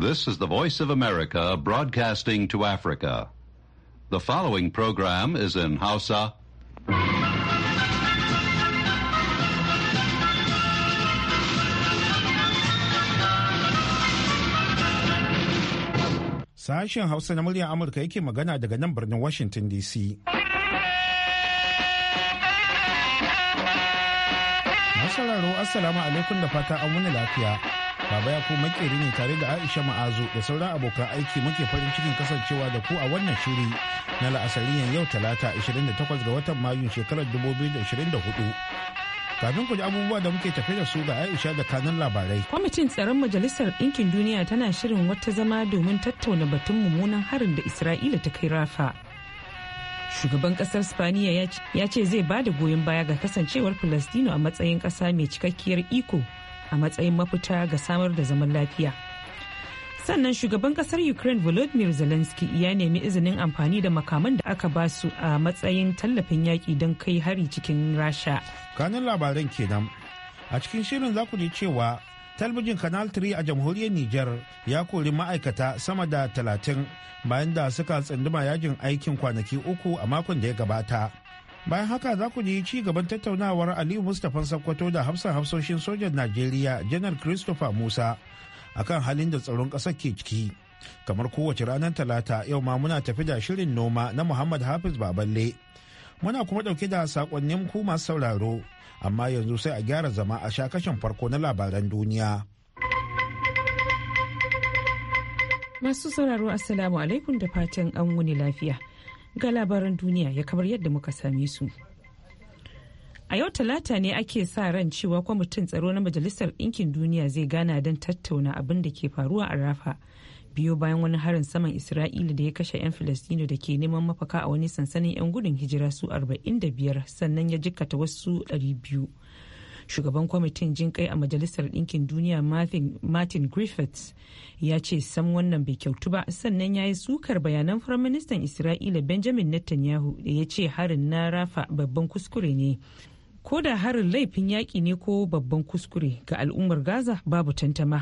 This is the Voice of America broadcasting to Africa. The following program is in Hausa. Sashen Hausa na muryar Amurka yake magana daga nan birnin Washington DC. Masauraro, Assalamu alaikum da fata an wani lafiya. Baba ya ku makeri ne tare da Aisha Ma'azu da sauran abokan aiki muke farin cikin kasancewa da ku a wannan shiri na la'asariyan yau talata 28 ga watan Mayu shekarar 2024. kafin ku ji abubuwa da muke tafe da su ga Aisha da kanan labarai. Kwamitin tsaron Majalisar Ɗinkin Duniya tana shirin wata zama domin tattauna batun mummunan harin da Isra'ila ta kai Rafa. Shugaban kasar Spaniya ya ce zai ba da goyon baya ga kasancewar Falastino a matsayin kasa mai cikakkiyar iko a matsayin mafita ga samar da zaman lafiya sannan shugaban kasar ukraine volodymyr zelensky ya nemi izinin amfani da makaman da aka ba su a matsayin tallafin yaƙi don kai hari cikin rasha Kanun labaran kenan a cikin shirin za ku ji cewa talbijin canal 3 a jamhuriyar niger ya kori ma'aikata sama da 30 bayan da suka tsunduma yajin aikin kwanaki uku a makon da ya gabata bayan haka za ku ji ci gaban tattaunawar aliyu mustapha sakkwato da hafsan hafsoshin sojan najeriya janar christopher musa akan halin da tsaron ƙasar ke ciki kamar kowace ranar talata yau ma muna tafi da shirin noma na muhammad hafiz baballe muna kuma ɗauke da sakonnin ku masu sauraro amma yanzu sai a gyara zama a sha kashin farko na labaran duniya masu sauraro assalamu alaikum da fatan an wuni lafiya ga labaran duniya ya kamar yadda muka same su. A yau talata ne ake sa ran cewa kwamitin tsaro na Majalisar Ɗinkin Duniya zai gana don tattauna abin da ke faruwa a Rafa. Biyo bayan wani harin saman Isra'ila da ya kashe 'yan Filistino da ke neman mafaka a wani sansanin 'yan gudun hijira su 45 sannan ya jikkata wasu 200. shugaban kwamitin jin a majalisar ɗinkin duniya martin griffiths ya ce sam wannan bai kyautu ba sannan ya yi sukar bayanan firaministan isra'ila benjamin netanyahu da ya ce harin na rafa babban kuskure ne ko da harin laifin yaƙi ne ko babban kuskure ga al'ummar gaza babu tantama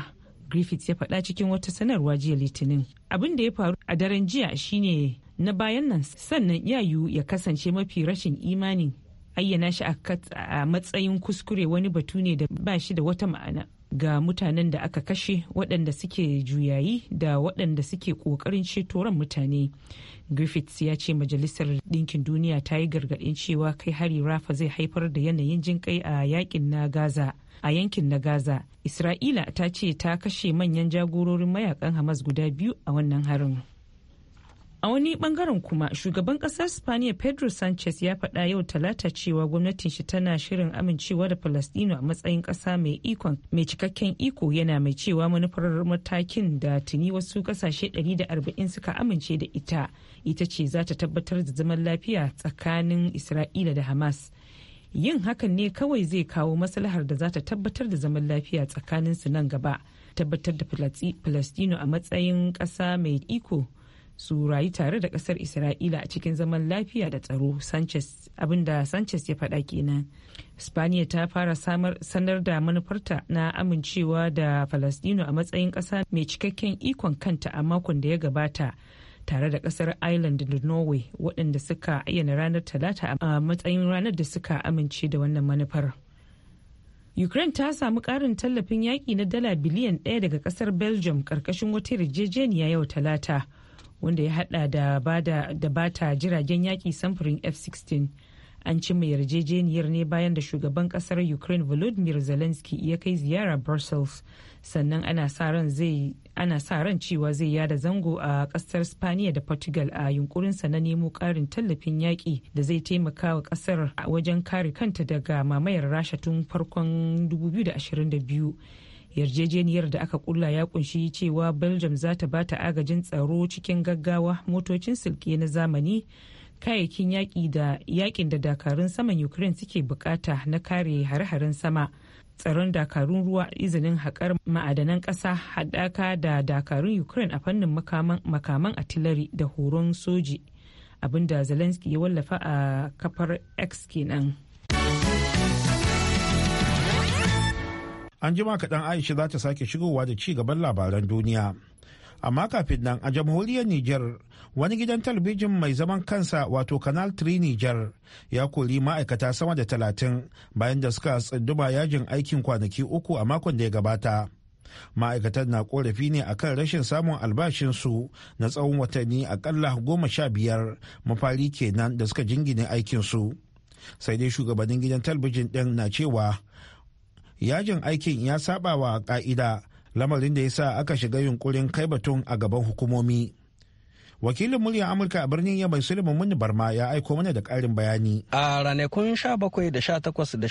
griffiths ya faɗa cikin wata sanarwa jiya litinin abin da ya faru a daren jiya shine na bayan nan sannan ya ya kasance mafi rashin imani ayyana shi a matsayin kuskure wani batu ne da ba shi da wata ma'ana ga mutanen da aka kashe waɗanda suke juyayi da waɗanda suke ƙoƙarin ceto mutane griffiths ya ce majalisar ɗinkin duniya ta yi gargaɗin cewa kai hari rafa zai haifar da yanayin jinƙai a yakin na gaza a yankin na gaza isra'ila ta ce ta kashe manyan jagororin mayakan hamas guda biyu a wannan harin A wani bangaren kuma shugaban kasar Spaniya Pedro Sanchez ya faɗa yau talata cewa gwamnatin shi tana shirin amincewa da Falastino a matsayin ƙasa mai ikon mai cikakken iko yana mai cewa manufar matakin da tuni wasu ƙasashe 140 suka amince da ita ita ce za ta tabbatar da zaman lafiya tsakanin Isra'ila da Hamas. Yin hakan ne kawai zai kawo maslahar da za ta tabbatar da zaman lafiya tsakanin su nan gaba. Tabbatar da Falastino a matsayin ƙasa mai iko su rayu tare da kasar isra'ila a cikin zaman lafiya da tsaro sanchez abinda sanchez ya faɗa kenan spaniya ta fara samar sanar da manufarta na amincewa da falastino a matsayin ƙasa mai cikakken ikon kanta a makon da ya gabata tare da kasar ireland da norway waɗanda suka ayyana ranar talata a matsayin ranar da suka amince da wannan manufar Ukraine ta samu ƙarin tallafin yaƙi na dala biliyan ɗaya daga ƙasar Belgium ƙarƙashin wata yarjejeniya yau talata wanda ya hada da bata jiragen yaki samfurin f-16 an ci mai yarjejeniyar ne bayan da shugaban kasar ukraine volodymyr zelensky ya kai ziyara brussels sannan ana sa ran cewa zai yada zango a kasar spaniya da portugal a yunkurinsa na nemo karin tallafin yaki da zai taimaka wa kasar wajen kare kanta daga mamayar rasha tun farkon 2022 yarjejeniyar da aka kulla ya kunshi cewa belgium za ta ba agajin tsaro cikin gaggawa motocin silke na zamani kayayyakin yaƙi da dakarun saman ukraine suke bukata na kare hare-haren sama tsaron dakarun ruwa izinin haƙar ma'adanan ƙasa haɗaka da dakarun ukraine a fannin makaman atilari da horon soji abinda zelensky ya wallafa a kafar x kenan. An jima kaɗan Aisha za ta sake shigowa da ci gaban labaran duniya. Amma kafin nan a jamhuriyar Niger wani gidan talabijin mai zaman kansa wato Canal 3 niger ya kori ma'aikata sama da talatin bayan da suka tsunduma yajin aikin kwanaki uku a makon da ya gabata. Ma'aikatan na korafi ne a kan rashin samun albashinsu na tsawon watanni akalla goma sha biyar mafari kenan da suka jingine aikinsu. sai dai shugabannin gidan talabijin ɗin na cewa yajin aikin ya saba wa ka'ida lamarin da ya sa aka shiga yunkurin kai batun a gaban hukumomi wakilin muryar amurka a birnin yamma suleiman muni barma ya aiko mana da karin bayani a ranakun 17 da 18 da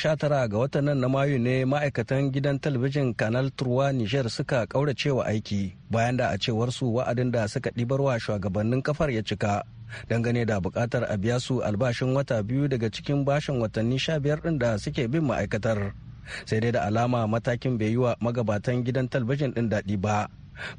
19 ga watan nan na mayu ne ma'aikatan gidan talabijin kanal turwa niger suka kauracewa aiki bayan da a cewar su wa'adin da suka ɗibarwa shugabannin kafar ya cika dangane da bukatar a biya su albashin wata biyu daga cikin bashin watanni 15 ɗin da suke bin ma'aikatar sai dai da alama matakin bai yi wa magabatan gidan talbijin din daɗi ba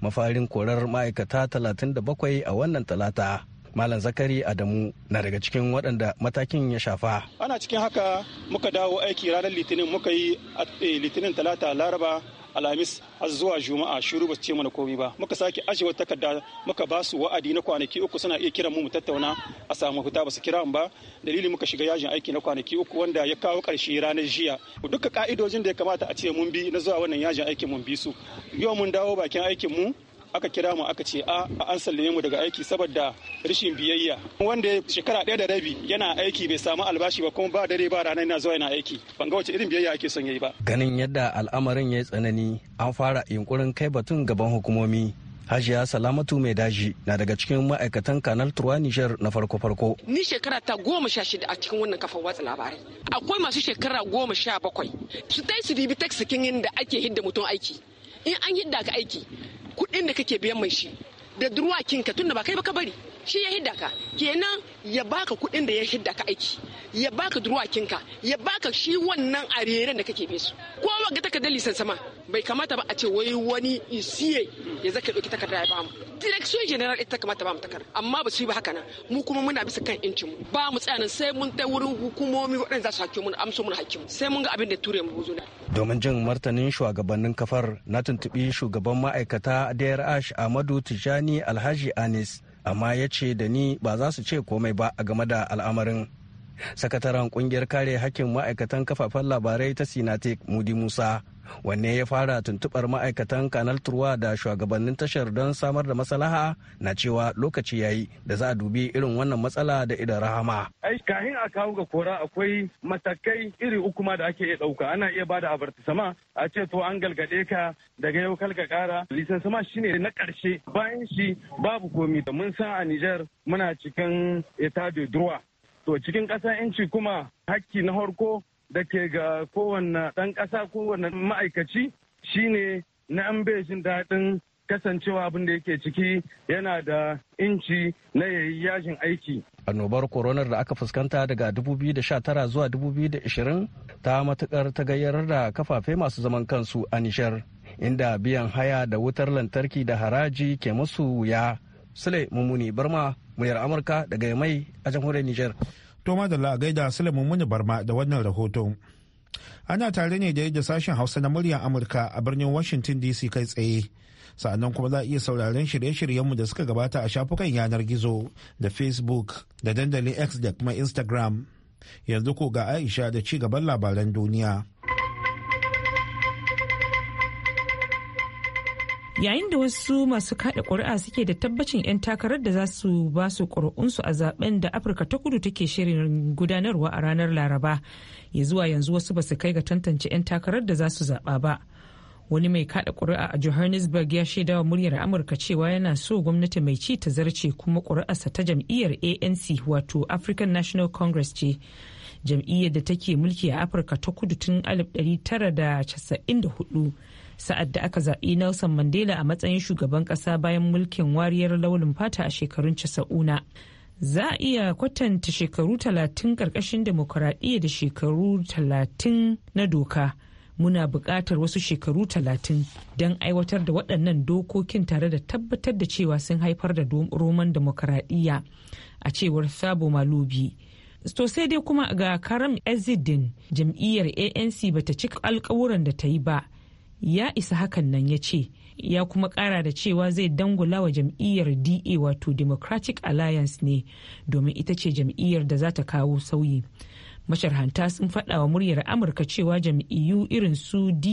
mafarin korar ma'aikata 37 a wannan talata malam zakari adamu na daga cikin waɗanda matakin ya shafa ana cikin haka muka dawo aiki ranar litinin muka yi eh, litinin talata laraba alhamis har zuwa juma'a shiru ba ce mana komai ba muka sake aje wata takarda muka ba su wa'adi na kwanaki uku suna iya kiran mu mu tattauna a samu fita ba su kira mu ba dalili muka shiga yajin aiki na kwanaki uku wanda ya kawo karshe ranar jiya duka ka'idojin da ya kamata a ce mun bi na zuwa wannan yajin aikin mun bi su yau mun dawo bakin aikin mu aka kira mu aka ce a an sallame mu daga aiki saboda rashin biyayya wanda shekara ɗaya da rabi yana aiki bai samu albashi ba kuma ba dare ba ranar yana zuwa yana aiki ban ga wace irin biyayya ake son yayi ba ganin yadda al'amarin ya tsanani an fara yunkurin kai batun gaban hukumomi Hajiya Salamatu Mai Daji na daga cikin ma'aikatan Kanal Turwa Nijar na farko-farko. Ni shekara ta goma sha shida a cikin wannan kafar watsa labarai. Akwai masu shekara goma sha bakwai. Su dai su dibi taksikin da ake hidda mutum aiki. In an hidda ka aiki, kuɗin da kake biyan mai shi da durwakin ka tunda ba kai ba ka bari shi ya hidda ka kenan ya baka kuɗin da ya hidda ka aiki ya baka ka ya baka shi wannan areren da kake besu ko ga takardar lisan sama bai kamata ba a ce wai wani isiye ya zaka ɗauki takarda ya bamu direction general ita kamata ba mu takar amma ba su yi ba haka nan mu kuma muna bisa kan incin mu ba mu tsaya nan sai mun ta wurin hukumomi waɗanda za su hakki mun amsa mun hakki mu sai mun ga abin da ture mu buzo domin jin martanin shugabannin kafar na tuntubi shugaban ma'aikata DRH Ahmadu Tijani Alhaji Anis amma ya ce da ni ba za su ce komai ba a game da al'amarin sakataren kungiyar kare hakkin ma'aikatan kafafen labarai ta sinatic mudi musa wanne ya fara tuntubar ma'aikatan kanal turwa da shugabannin tashar don samar da maslaha na cewa lokaci ya yi da za a dubi irin wannan matsala da idan rahama. ai kahin a kawo ga kora akwai matakai iri uku ma da ake iya ɗauka ana iya ba da sama a ce to an galgade ka daga yau kalka kara lisansama shine na ƙarshe bayan shi babu komi da mun san a Nijar muna cikin ita da durwa To cikin ƙasa yanci kuma hakki na harko da ke ga kowane ɗan ƙasa kowane ma'aikaci shine na an bai jin daɗin kasancewa abin da yake ciki yana da inci na yayi yajin aiki. Annobar koronar da aka fuskanta daga 2019 zuwa 2020 ta matukar ta tagayyarar da kafafe masu zaman kansu a Nishar, inda biyan haya da wutar lantarki da haraji ke musu wuya Sule Mummuni Barma muryar Amurka daga Yamai a jamhuriyar niger. To la gaida Sule Mummuni Barma da wannan rahoto. Ana tare ne da yadda sashen Hausa na muryar Amurka a birnin Washington DC kai tsaye. Sa'annan kuma za a iya sauraren shirye-shiryenmu da suka gabata a shafukan yanar gizo da Facebook da dandalin X da kuma Instagram. Yanzu ko ga Aisha da ci gaban labaran duniya. yayin da wasu masu kada ƙuri'a suke da tabbacin 'yan takarar da za su ba su ƙuri'unsu a zaben da afirka ta kudu take shirin gudanarwa a ranar laraba ya zuwa yanzu wasu ba su kai ga tantance 'yan takarar da za su zaɓa ba wani mai kada ƙuri'a a johannesburg ya shaida wa muryar amurka cewa yana so gwamnati mai ci ta zarce kuma ƙuri'arsa ta jam'iyyar anc wato african national congress ce jam'iyyar da take mulki a afirka ta kudu tun 1994 sa'ad da aka zaɓi Nelson Mandela a matsayin shugaban ƙasa bayan mulkin wariyar launin fata a shekarun casa'una. Za a iya kwatanta shekaru talatin ƙarƙashin demokuraɗiyya da shekaru talatin na doka. Muna buƙatar wasu shekaru talatin don aiwatar da waɗannan dokokin tare da tabbatar da cewa sun haifar da roman demokuraɗiyya a cewar Sabo Malubi. to sai dai kuma ga karam ezidin jam'iyyar anc bata cika alkawuran da ta yi ba ya isa hakan nan ya ce ya kuma kara da cewa zai dangula wa jam'iyyar da wato democratic alliance ne domin ita ce jam'iyyar da za ta kawo sauyi masharhanta sun faɗa wa muryar amurka cewa jam'iyyu irin su da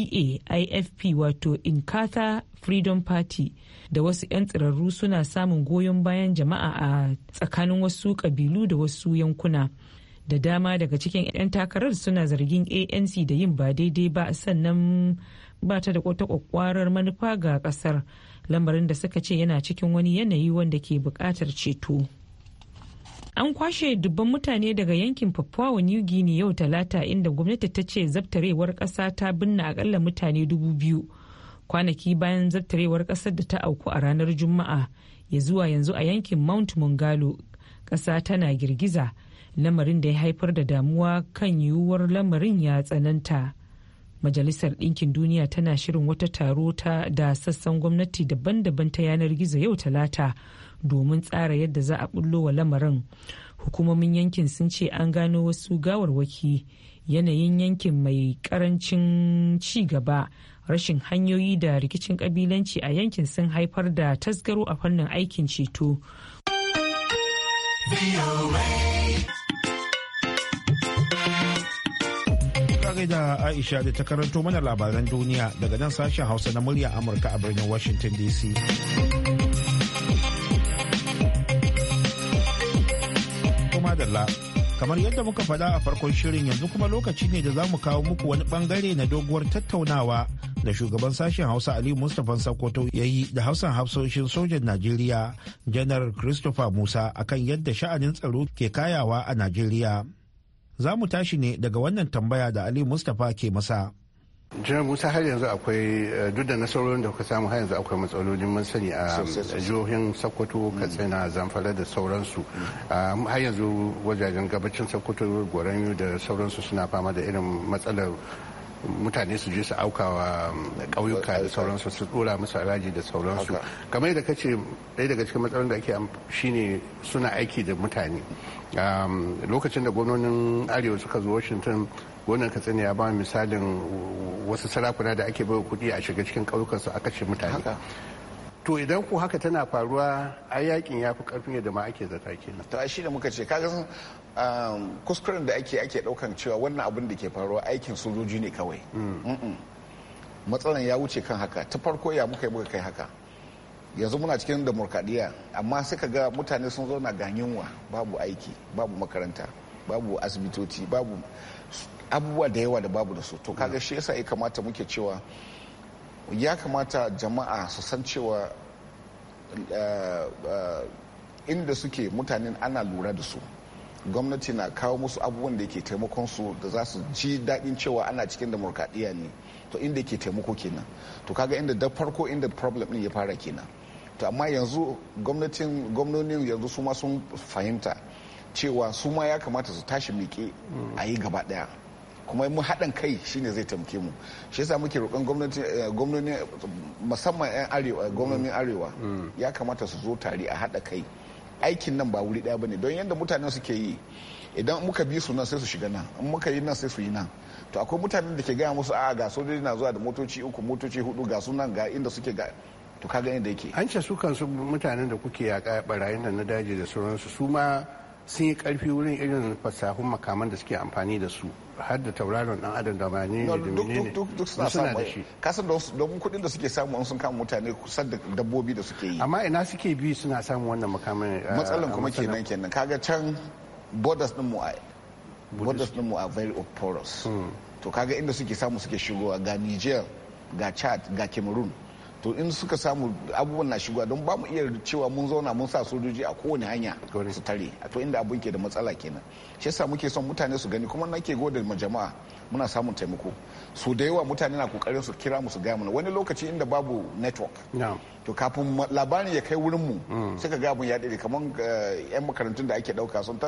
ifp wato inkatha freedom party da wasu 'yan tsirarru suna samun goyon bayan jama'a a tsakanin wasu kabilu da wasu yankuna da dama daga cikin 'yan takarar suna zargin anc da yin ba daidai ba sannan ba ta da wata kwakwarar manufa ga kasar lamarin da suka ce yana cikin wani yanayi wanda ke buƙatar ceto an kwashe dubban mutane daga yankin papua new guinea yau talata inda gwamnati ta ce zabtarewar ƙasa ta binne akalla mutane dubu biyu kwanaki bayan zabtarewar ƙasar da ta auku a ranar juma'a ya zuwa yanzu a yankin mount mongalo ƙasa tana girgiza lamarin da ya haifar da damuwa kan yiwuwar lamarin ya tsananta. Majalisar Ɗinkin Duniya tana shirin wata taro ta da sassan gwamnati daban-daban ta yanar gizo yau talata domin tsara yadda za a bullo wa lamarin. Hukumomin yankin sun ce an gano wasu gawarwaki yanayin yankin mai karancin ci gaba rashin hanyoyi da rikicin kabilanci a yankin sun haifar da tasgaro a fannin aikin ceto. gaida Aisha da ta karanto mana labaran duniya daga nan sashen Hausa na murya Amurka a birnin Washington DC. Kuma dalla, kamar yadda muka faɗa a farkon shirin yanzu kuma lokaci ne da za mu kawo muku wani bangare na doguwar tattaunawa da shugaban sashen Hausa Ali Mustapha sakoto ya yi da Hausan hafsoshin sojan Najeriya, Janar Christopher Musa akan yadda sha'anin tsaro ke kayawa a Najeriya. za mu tashi ne daga wannan tambaya da ali mustapha ke masa jiran musa har yanzu akwai eh, duk da nasarorin da kuka samu har yanzu akwai matsalolin mun sani a jihohin sokoto mm. katsina zamfara da sauransu mm. ah, har yanzu wajajen gabacin sokoto goranyu da sauransu suna fama da irin matsalar mutane su je su aukawa um, ƙauyuka da sauransu su dora musu alaji da sauransu kamar da kace ɗaya daga cikin matsalolin da ake shine suna aiki da mutane um, lokacin da gwamnonin arewa suka zo washington gonan katsina ya ba misalin wasu sarakuna da ake bai kuɗi a shiga cikin ƙauyukansu aka ce mutane to idan ko haka tana faruwa a yakin ya fi karfin yadda ma ake zata kenan to shi da muka ce kaga Um, kuskuren da ake ake daukan cewa wannan abin da ke faruwa aikin sojoji ne kawai matsalan ya wuce kan haka ta farko ya muka yi muka kai haka yanzu muna cikin demokradiyya amma sai ka ga mutane sun zauna ga yunwa babu aiki babu makaranta babu asibitoci babu abubuwa da yawa da babu da su to kaga shi yasa ya kamata muke cewa ya kamata jama'a su san cewa eh, eh, inda suke mutanen ana lura da su gwamnati na kawo musu abubuwan da ke taimakon su da za su ji daɗin cewa ana cikin demokradiyya ne to inda ke taimako kenan to kaga inda da farko inda problem ɗin ya fara kenan to amma yanzu gwamnatin gwamnonin yanzu su ma sun fahimta cewa su ma ya kamata su tashi miƙe a yi gaba ɗaya kuma mu haɗin kai shine zai taimake mu shi yasa muke roƙon eh, gwamnoni musamman 'yan arewa gwamnonin arewa mm. ya kamata su zo tare a haɗa kai aikin nan ba wuri daya bane don yadda mutanen suke yi idan muka bi su nan sai su shiga nan in muka yi nan sai su yi nan to akwai mutanen da ke gaya musu a ga sojoji na zuwa da motoci uku motoci hudu ga su ga inda suke ga to ka gani da yake an ce su kansu mutanen da kuke yaka barayin nan na daji da sauransu su ma sun yi karfi wurin irin fasahun makaman da suke amfani da su har da tauraron dan adam da mane ne da ne duk suna da shi kasan don kuɗin da suke samu sun kama mutane kusan da dabbobi da suke yi amma ina suke bi suna samun wannan makaman eh, matsalan kuma kenan kenan kaga can borders din mu a borders din mu a very porous hmm. to kaga inda suke samu suke shigowa ga Niger ga Chad ga Cameroon to in suka samu abubuwan na shigowa don ba mu iya cewa mun zauna mun sa sojoji a kowane hanya su tare a to inda abun ke da matsala kenan shi yasa muke son mutane su gani kuma nake gode ma jama'a muna samun taimako su da yawa mutane na kokarin su kira mu su gaya mana wani lokaci inda babu network to kafin labarin ya kai wurin mu mm. sai ka gabun ya dade kamar eh, yan makarantun da ake dauka sun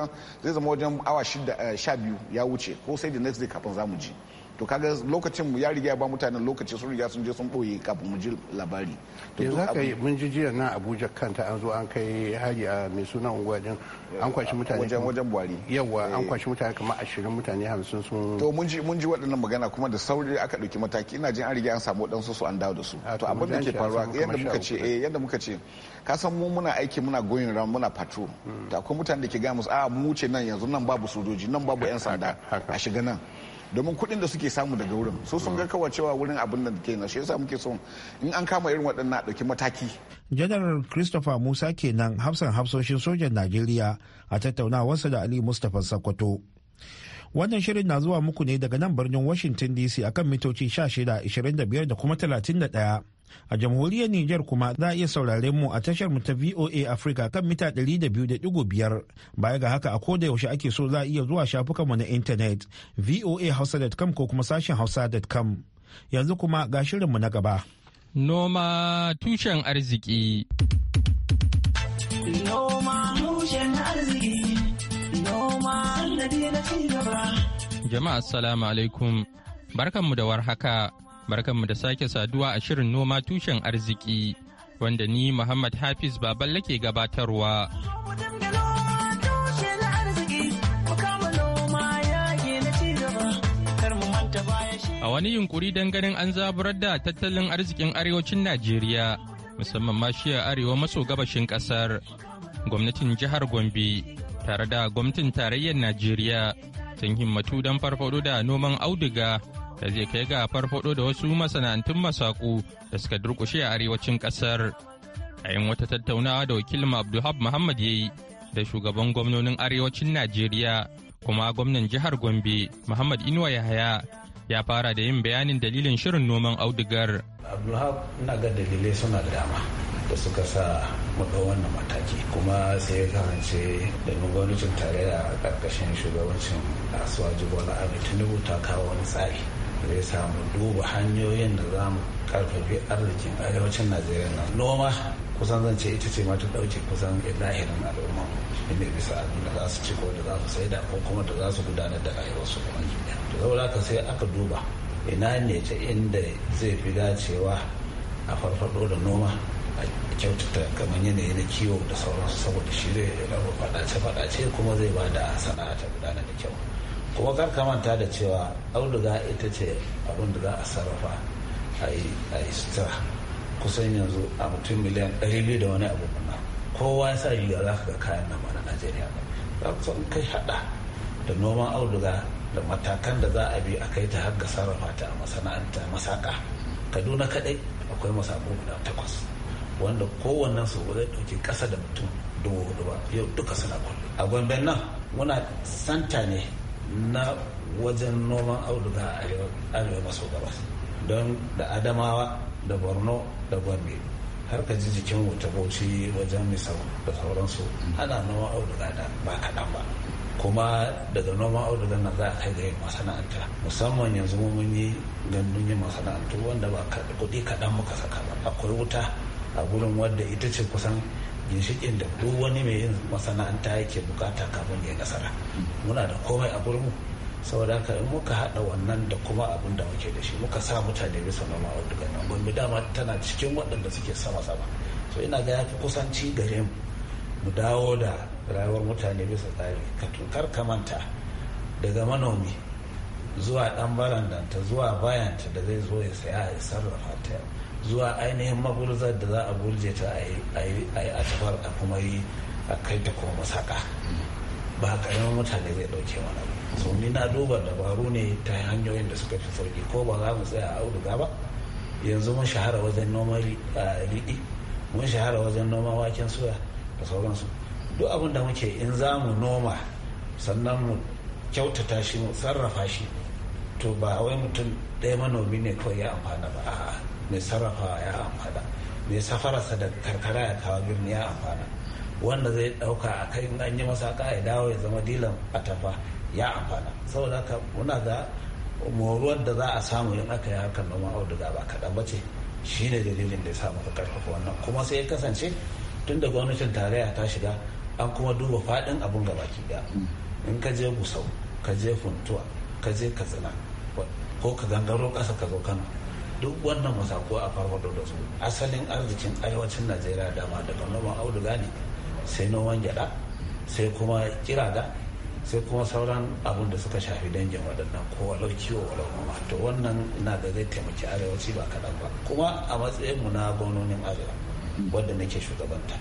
zai zama wajen awa eh, sha biyu ya wuce ko sai the next day kafin zamu ji to kaga lokacin mu ya riga ba mutanen lokaci sun riga sun je sun boye kafin mu ji labari to za ka yi mun ji jiya na Abuja kanta an zo an kai hari a mai suna unguwa an kwashi mutane wajen wajen Buhari yawa an eh. kwashi mutane kamar 20 mutane 50 sun to mun ji mun ji waɗannan magana kuma da sauri aka dauki mataki ina jin an riga an samu waɗansu su an dawo da su to abin da ke faruwa yadda muka ce eh yadda muka ce ka san mu muna aiki muna goyin ran muna patrol da mm. akwai mutane da ke ga musu a ah, mu ce nan yanzu nan babu sojoji nan babu yan sanda a shiga nan domin kuɗin da suke samu daga wurin so sun ga mm. kawai cewa wurin abin da ke shi yasa muke son in an kama irin waɗannan a ɗauki mataki. janar christopher musa kenan hafsan hafsoshin sojan najeriya a tattaunawarsa da ali mustapha sakwato wannan shirin na zuwa muku ne daga nan birnin washington dc akan mitoci 16 25 da kuma talatin da 31 A jamhuriyar Nijar kuma za a iya sauraren mu a tashar mu ta VOA Africa kan mita 200.5 baya ga haka a koda yaushe ake so za a iya zuwa shafukanmu na intanet voahausa.com ko kuma sashen hausa.com. Yanzu kuma ga shirin mu na gaba. Noma tushen arziki. Jama'a assalamu alaikum. Barkanmu da warhaka. haka. barkanmu da sake saduwa a shirin noma tushen arziki wanda ni Muhammad Hafiz Baballe ke gabatarwa. A wani yunkuri don ganin an zaburar da tattalin arzikin arewacin Najeriya musamman ma a arewa maso gabashin kasar gwamnatin jihar Gombe tare da gwamnatin tarayyar Najeriya sun himmatu don farfado da noman auduga da zai kai ga farfado da wasu masana'antun masaku da suka durkushe a arewacin kasar a yin wata tattaunawa da wakilin abdulhab muhammad ya yi da shugaban gwamnonin arewacin najeriya kuma gwamnan jihar gombe muhammad inuwa yahaya ya fara da yin bayanin dalilin shirin noman audigar abdulhab ina ga dalilai suna da dama da suka sa muka wannan mataki kuma sai ya kasance da gwamnatin tarayya a ƙarƙashin shugabancin asuwa jibola abu tinubu ta kawo wani tsari da ya samu duba hanyoyin da za mu karfafi arzikin arewacin najeriya na noma kusan zan ce ita ce mata dauke ɗauke kusan lahirin al'umma inda bisa abin da za su ci ko da za su saida ko kuma da za su gudanar da rayuwarsu kuma da zaura ka sai aka duba ina ne ta inda zai fi dacewa a farfado da noma a kyautata kamar yanayi na kiwo da sauransu saboda shi zai rabu faɗace-faɗace kuma zai ba da sana'a ta gudanar da kyau kuma kar ka manta da cewa auduga ita ce abin da za a sarrafa a yi sutura kusan yanzu a mutum miliyan 200 da wani abu kuma kowa ya sa yiwuwa za ka ga kayan na na najeriya ba za ku kai hada da noman auduga da matakan da za a bi a kai ta har ga sarrafa ta a masana'anta masaka kaduna kadai akwai masako guda takwas wanda kowannen su zai dauki kasa da mutum dubu hudu ba yau duka suna kulle a gomben nan muna santa ne na wajen noman auduga a arewa maso gabas don da adamawa da borno da gombe har ka ji jikin wuta bauchi wajen misau da sauransu ana noman auduga da ba kaɗan ba kuma daga noman auduga na za a kai ga masana'anta musamman yanzu mun yi gandun yin masana'antu wanda ba kuɗi kaɗan muka saka ba akwai wuta a gurin wadda ita ce kusan ginshikin da duk wani mai yin masana'anta yake bukata kafin ya nasara muna da komai a gurmu saboda haka in muka haɗa wannan da kuma abin da muke da shi muka sa mutane bisa noma dukkan nan gombe dama tana cikin waɗanda suke sama sama so ina ga yafi kusanci gare mu mu dawo da rayuwar mutane bisa tsari ka tunkar ka manta daga manomi zuwa ɗan barandanta zuwa bayanta da zai zo ya saya ya sarrafa ta zuwa ainihin magurzar da za a gurje ta a yi a tafar a kuma yi a kai ta kuma masaka ba karamin mutane zai dauke mana so ni na duba dabaru ne ta hanyoyin da suka fi sauki ko ba za mu tsaya a auduga ba yanzu mun shahara wajen noman riɗi mun shahara wajen noman waken suya da sauransu duk abin da muke in za mu noma sannan mu kyautata shi mu sarrafa shi to ba wai mutum ɗaya manomi ne kawai ya amfana ba a'a mai sarrafa ya amfana mai safararsa da karkara ya kawo birni ya amfana wanda zai dauka a kai an yi masa ka ya dawo ya zama dilan atafa ya amfana saboda ka muna ga moruwar da za a samu yin aka yi hakan noman auduga ba kaɗan ba ce shi ne dalilin da ya samu ka karfafa wannan kuma sai ya kasance tun da gwamnatin tarayya ta shiga an kuma duba faɗin abun gaba ki daya in ka je gusau ka je funtuwa ka je katsina ko ka gangaro ƙasa ka zo kano duk wannan masako a farfado da su asalin arzikin arewacin najeriya dama daga noman auduga ne sai noman gyada sai kuma kirada sai kuma sauran abun da suka shafi dangin waɗannan ko walau kiwo walau noma to wannan na da zai taimaki arewaci ba kaɗan ba kuma a matsayin mu na gwamnonin arewa wadda nake shugabanta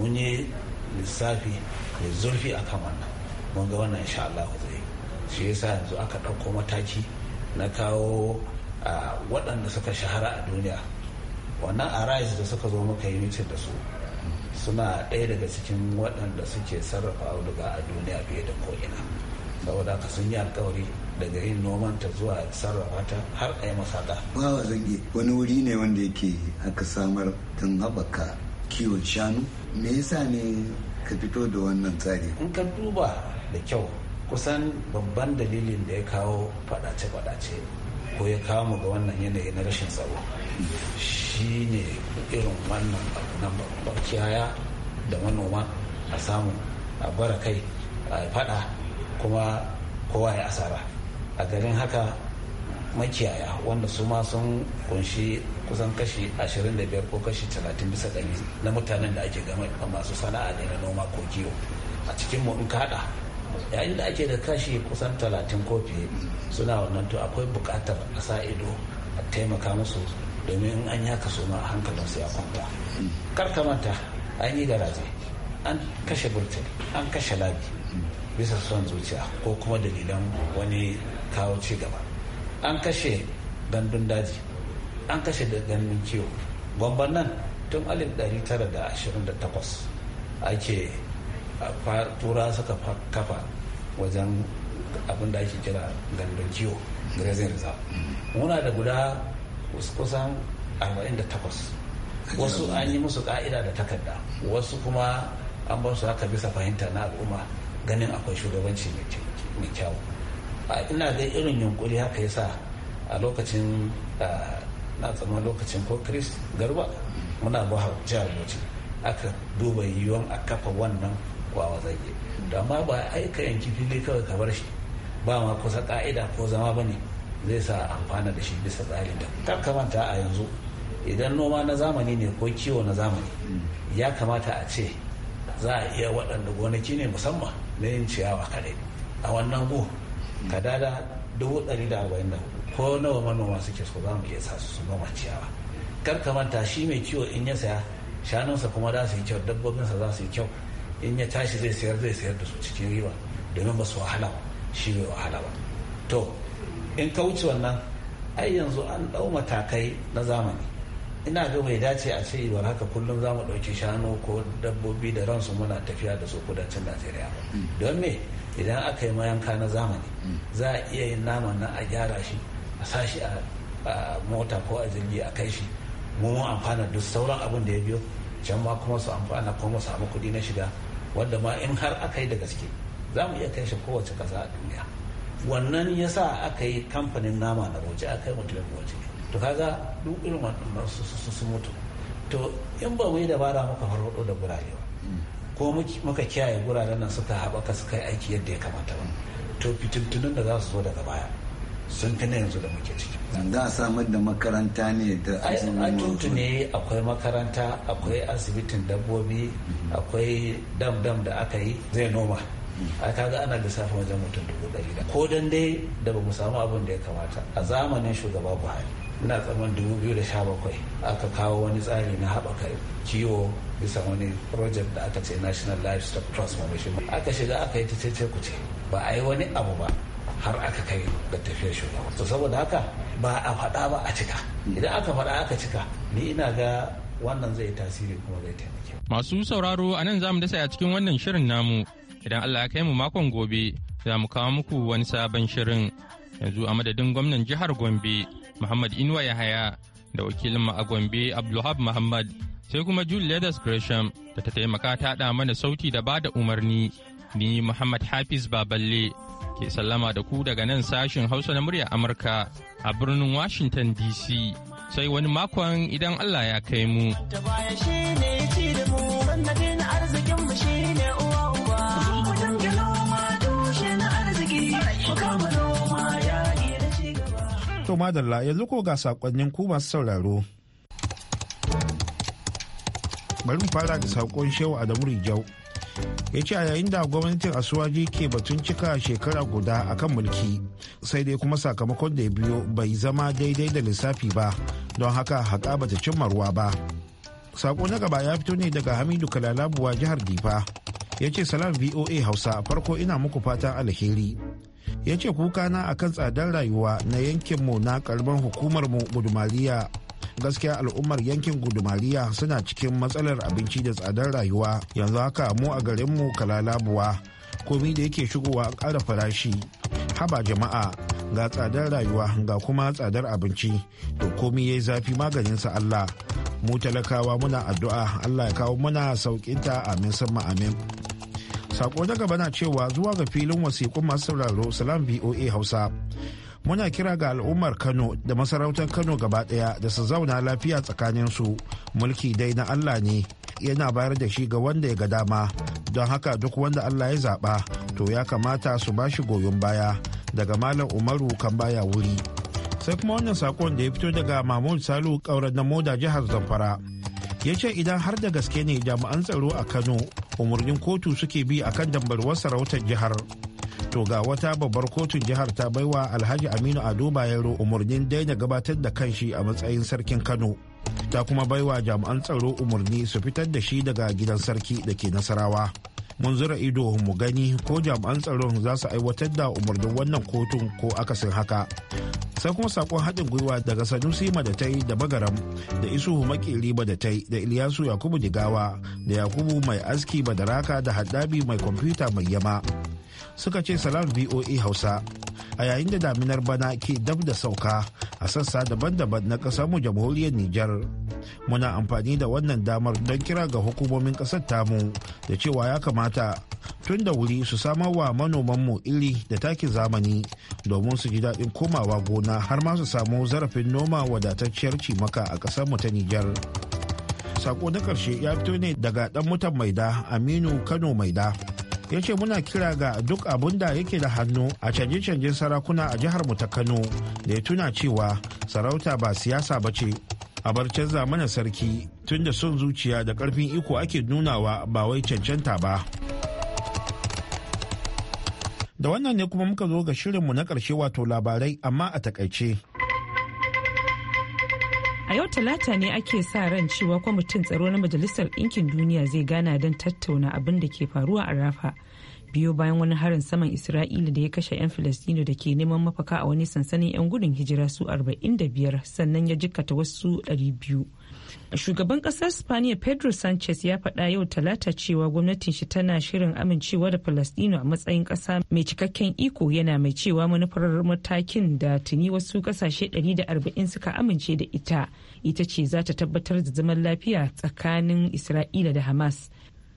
mun yi lissafi mai zurfi a kan wannan mun ga wannan insha Allah zai shi yasa yanzu aka ɗauko mataki na kawo A waɗanda suka shahara a duniya wannan arise da suka zo muka yi mitin da su suna ɗaya daga cikin waɗanda suke sarrafa auduga a duniya fiye da ko'ina saboda ka sun yi alkawari daga yin noman ta zuwa sarrafa ta har a yi masaka. zage wani wuri ne wanda yake aka samar tun haɓaka kiwon shanu me yasa ne ka fito da wannan tsari. In ka duba da kyau kusan babban dalilin da ya kawo faɗace-faɗace ko ya kawo mu ga wannan yanayi na rashin tsaro shi ne irin wannan abu na bakiyaya da manoma a samu a bara kai a fada kuma kowa ya asara a garin haka makiyaya wanda su ma sun kunshi kusan kashi 25 ko kashi 30 bisa ɗari na mutanen da ake gama masu sana'a ne na noma ko kiwo a cikinmu in ka yayin da ake da kashi kusan talatin ko fiye suna wannan to akwai bukatar a sa ido a taimaka musu domin an yaka kaso ma hankalin su ya kwanta kar ka manta an yi garaje an kashe burtin an kashe labi bisa son zuciya ko kuma dalilan wani kawo ci gaba an kashe gandun daji an kashe da gandun kiwo gwamban nan tun 1928 ake tura suka kafa wajen abin da ake kira gandun kiwo grazing reserve mm. muna da guda kusan 48 wasu an yi musu ka'ida da takarda wasu kuma an ba su haka bisa fahimta na al'umma ganin akwai shugabanci mai kyau ina ga irin yunkuri haka ya sa a lokacin na tsamman lokacin ko chris garba mm. muna ba jihar bauchi aka duba yiwuwan a kafa wannan kwawa zage da ma ba aika yanki fili kawai ka bar shi ba ma kusa ka'ida ko zama ba ne zai sa amfana da shi bisa tsarin da ta kamata a yanzu idan noma na zamani ne ko kiwo na zamani mm. ya kamata a ce za a iya waɗanda gonaki ne musamman na yin ciyawa kare a wannan go mm. ka dada dubu ɗari da arba'in da ko nawa manoma suke so za mu iya sa su noma ciyawa kar kamanta manta shi mai kiwo in ya saya shanunsa kuma za su yi kyau dabbobinsa za su yi kyau in ya tashi zai sayar zai sayar da su cikin riba domin ba su wahala shi bai wahala ba to in ka wuce wannan ai yanzu an ɗau matakai na zamani ina ga bai dace a ce ibar haka kullum za mu ɗauki shanu ko dabbobi da ransu muna tafiya da su kudancin najeriya ba mm. don me idan aka yi mayanka na zamani mm. za a iya yin naman na a gyara shi a sashi a mota ko a jirgi a kai shi mu amfana duk sauran abin da ya biyo can ma kuma su amfana ko kuma samu kuɗi na shiga wanda ma in har aka yi da gaske za mu iya kai shi kowace ƙasa a duniya wannan ya sa aka yi kamfanin nama na roji aka yi mutum roji to kaga duk irin wannan su mutu to in ba mu yi dabara muka farfado da gurare ba ko muka kiyaye guraren nan suka haɓaka suka yi aiki yadda ya kamata ba to fitintunan da za su zo daga baya sun fi na yanzu da muke ciki za a samar da makaranta ne da a ne akwai makaranta akwai asibitin dabbobi mm-hmm. akwai dam dam da aka yi zai noma mm-hmm. a kaga ana lissafin wajen mutum dubu ɗari da ko dan dai da ba mu samu abin da ya kamata a zamanin shugaba buhari ina tsaman dubu biyu da sha bakwai aka kawo wani tsari na haɓaka kiwo bisa wani project da aka ce national livestock transformation aka shiga aka yi ta ce ku ce ba a yi wani abu ba har aka kai da tafiyar shugaba to saboda haka ba a faɗa ba a cika idan aka faɗa aka cika ni ina ga wannan zai tasiri kuma zai taimake masu sauraro a nan zamu dasa a cikin wannan shirin namu idan Allah ya kai mu makon gobe za mu kawo muku wani sabon shirin yanzu a madadin gwamnan jihar Gombe Muhammad Inuwa Yahaya da wakilin a Gombe Abdulhab Muhammad sai kuma julius Leathers Gresham da ta taimaka ta da mana sauti da bada umarni ni Muhammad Hafiz Baballe ke sallama da ku daga nan sashin Hausa na murya Amurka a birnin Washington DC. Sai wani makon idan Allah ya kai mu. To madalla yanzu ko ga sakonnin ku masu sauraro. Bari mu fara da sakon Shehu Adamu Rijau. ya ce a yayin da gwamnatin asuwaji ke batun cika shekara guda a kan mulki sai dai kuma sakamakon da ya biyo bai zama daidai da lissafi ba don haka haƙa bata cimma ruwa ba sako na gaba ya fito ne daga hamidu kalalabuwa jihar difa ya ce salam voa hausa farko ina muku fatan alheri ya ce kukana akan tsadar rayuwa na yankinmu na karban hukumar mu gudumariya gaskiya al'ummar yankin gudumariya suna cikin matsalar abinci da tsadar rayuwa yanzu haka mu a garinmu kalalabuwa komi da yake shigowa ƙara farashi haba jama'a ga tsadar rayuwa ga kuma tsadar abinci to komi ya yi zafi maganinsa allah mu talakawa muna addu'a allah ya kawo muna sauƙinta amin sama amin sako na gaba na cewa zuwa ga filin wasiƙun masu sauraro salam voa hausa muna kira ga al'ummar kano da masarautar kano gaba daya da su zauna lafiya tsakanin su mulki dai na allah ne yana bayar da shi ga wanda ya ga dama don haka duk wanda allah ya zaba to ya kamata su ba shi goyon baya daga malam umaru kan baya wuri sai kuma wannan sakon da ya fito daga mahmud salu kaurar na moda jihar zamfara ya ce idan har da gaske ne jami'an tsaro a kano umarnin kotu suke bi akan dambarwar sarautar jihar to ga wata babbar kotun jihar ta baiwa alhaji aminu ado bayero umarnin daina gabatar da kanshi a matsayin sarkin kano ta kuma baiwa jami'an tsaro umarni su fitar da shi daga gidan sarki da ke nasarawa mun zura ido mu gani ko jami'an tsaron za su aiwatar da umarnin wannan kotun ko akasin haka sai kuma sakon haɗin gwiwa daga sanusi madatai da bagaram da isuhu makeri madatai da iliyasu yakubu digawa da yakubu mai aski badaraka da haddabi mai kwamfuta mai yama suka ce salam voa hausa a yayin da daminar bana ke dab da sauka a sassa daban-daban na ƙasar mu jamhuriyar Nijar. Muna amfani da wannan damar don kira ga hukumomin kasar tamu da cewa ya kamata tun da wuri su samar wa manomanmu iri da takin zamani domin su ji daɗin komawa gona har ma su samu zarafin noma wadatacciyar cimaka a ƙasar mu ta Nijar. Sako na ƙarshe ya fito ne daga ɗan mutan Maida Aminu Kano Maida. ya ce muna kira ga duk abun da yake da hannu a canje-canjen sarakuna a jihar mu ta kano da ya tuna cewa sarauta ba siyasa ba ce a bar canza mana sarki tun da son zuciya da karfin iko ake nunawa ba wai cancanta ba da wannan ne kuma muka zo ga shirinmu na ƙarshe wato labarai amma a takaice yau talata ne ake sa ran cewa kwamitin tsaro na Majalisar Ɗinkin Duniya zai gana don tattauna abin da ke faruwa a Rafa biyo bayan wani harin saman isra'ila da ya kashe 'yan filistino da ke neman mafaka a wani sansanin 'yan gudun hijira su 45 sannan ya jikata wasu 200 shugaban kasar spaniya pedro sanchez ya faɗa yau talata cewa gwamnatin shi tana shirin amincewa da palestino a matsayin ƙasa mai cikakken iko yana mai cewa manufar matakin da tuni wasu ƙasashe 140 suka amince da ita ita ce za ta tabbatar da zaman lafiya tsakanin isra'ila da hamas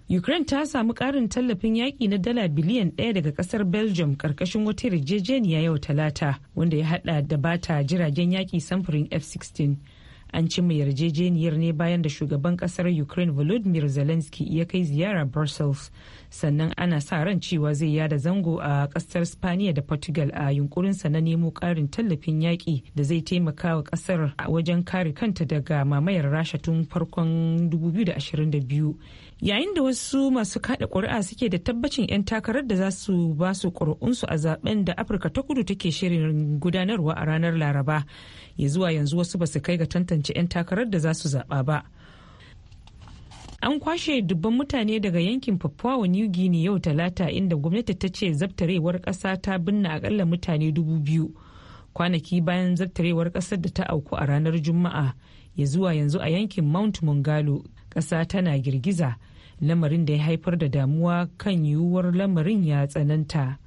Ukraine ta samu karin tallafin yaƙi na dala biliyan ɗaya daga ƙasar Belgium ƙarƙashin wata yarjejeniya yau talata wanda ya haɗa da bata jiragen yaƙi samfurin F-16. An cimma yarjejeniyar ne bayan da shugaban ƙasar Ukraine Volodymyr Zelensky ya kai ziyara Brussels sannan ana sa ran cewa zai yada zango a ƙasar Spaniya da Portugal a yunkurinsa na nemo ƙarin tallafin yaƙi da zai taimaka wa ƙasar wajen kare kanta daga mamayar Rasha tun farkon 2022. yayin da wasu masu kada ƙuri'a suke da tabbacin 'yan takarar da za su ba su ƙuri'unsu a zaben da afirka ta kudu take shirin gudanarwa a ranar laraba ya zuwa yanzu wasu ba su kai ga tantance 'yan takarar da za su zaɓa ba an kwashe dubban mutane daga yankin papua new guinea yau talata inda gwamnati ta ce zabtarewar ƙasa ta binne akalla mutane dubu biyu kwanaki bayan zabtarewar ƙasar da ta auku a ranar juma'a ya zuwa yanzu a yankin mount mongalo kasa tana girgiza lamarin da ya haifar da damuwa kan yiwuwar lamarin ya tsananta.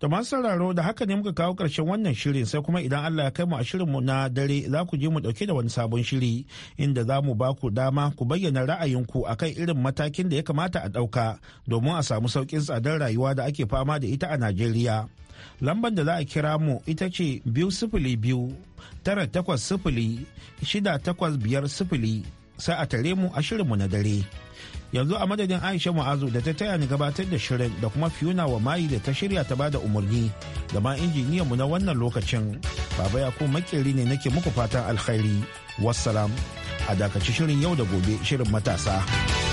Da masu sauraro da haka ne muka kawo ƙarshen wannan shirin sai kuma idan Allah ya kai mu a shirinmu na dare za ku je mu dauke da wani sabon shiri inda za mu ba ku dama ku bayyana ra'ayinku akan irin matakin da ya kamata a ɗauka domin a samu sauƙin tsadar rayuwa da ake fama da ita a Najeriya. Lambar da za a kira mu ita ce biyu sifili biyu tara takwas sifili shida takwas biyar sifili sai a tare mu a shirinmu na dare. Yanzu a madadin Aisha Mu'azu da ta taya ni gabatar da shirin da kuma Fiona wa mayi da ta shirya ta bada umarni da ma mu na wannan lokacin. Baba ya makeri ne nake muku fatan alkhairi. Wassalam a dakaci shirin yau da gobe shirin matasa.